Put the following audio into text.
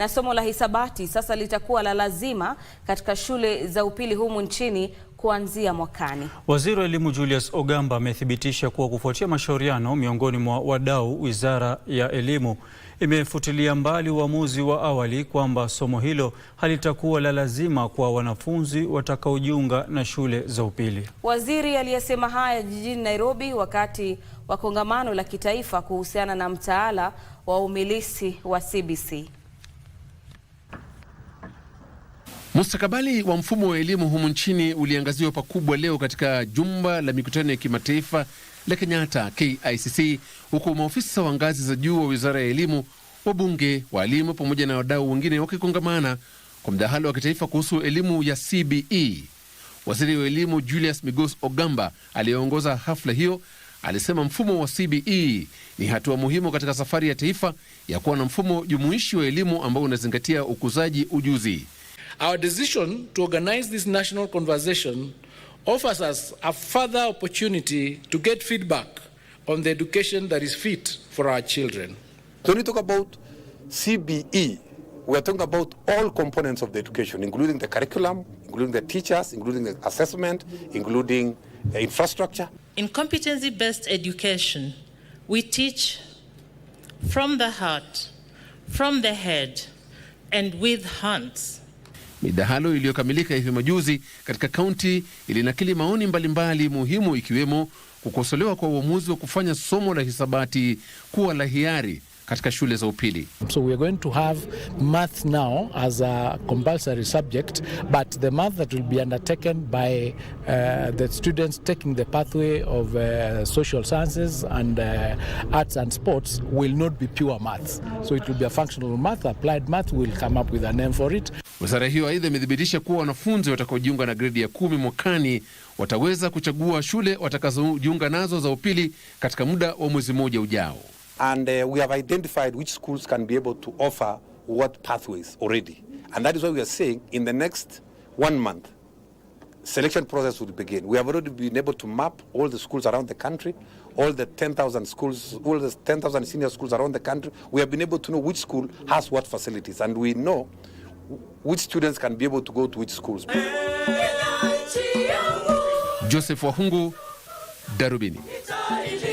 na somo la hisabati sasa litakuwa la lazima katika shule za upili humu nchini kuanzia mwakani. Waziri wa Elimu Julius Ogamba amethibitisha kuwa kufuatia mashauriano miongoni mwa wadau, Wizara ya Elimu imefutilia mbali uamuzi wa awali kwamba somo hilo halitakuwa la lazima kwa wanafunzi watakaojiunga na shule za upili. Waziri aliyesema haya jijini Nairobi wakati wa kongamano la kitaifa kuhusiana na mtaala wa umilisi wa CBC. Mustakabali wa mfumo wa elimu humu nchini uliangaziwa pakubwa leo katika jumba la mikutano ya kimataifa la Kenyatta KICC, huku maofisa wa ngazi za juu wa wizara ya elimu, wabunge, waalimu pamoja na wadau wengine wakikongamana kwa mdahalo wa kitaifa kuhusu elimu ya CBE. Waziri wa elimu Julius Migos Ogamba aliyeongoza hafla hiyo alisema mfumo wa CBE ni hatua muhimu katika safari ya taifa ya kuwa na mfumo jumuishi wa elimu ambao unazingatia ukuzaji ujuzi. Our decision to organize this national conversation offers us a further opportunity to get feedback on the education that is fit for our children. When we talk about CBE, we are talking about all components of the education, including the curriculum, including the teachers, including the assessment, including the infrastructure. In competency based education, we teach from the heart, from the head, and with hands. Midahalo iliyokamilika hivi majuzi katika kaunti ilinakili maoni mbalimbali mbali muhimu ikiwemo kukosolewa kwa uamuzi wa kufanya somo la hisabati kuwa la hiari katika shule za upili. So we are going to have math now as a compulsory subject but the math that will be undertaken by uh, the students taking the pathway of uh, social sciences and uh, arts and sports will not be pure math. So it will be a functional math, applied math, we'll come up with a name for it. Wizara hiyo aidha imethibitisha kuwa wanafunzi watakaojiunga na gredi ya kumi mwakani wataweza kuchagua shule watakazojiunga nazo za upili katika muda wa mwezi mmoja ujao and uh, we have identified which schools can be able to offer what pathways already. And that is why we are saying in the next one month, selection process would begin. We have already been able to map all the schools around the country, all the 10,000 schools, all the 10,000 senior schools around the country. We have been able to know which school has what facilities, and we know which students can be able to go to which schools. Joseph Wahungu, Darubini.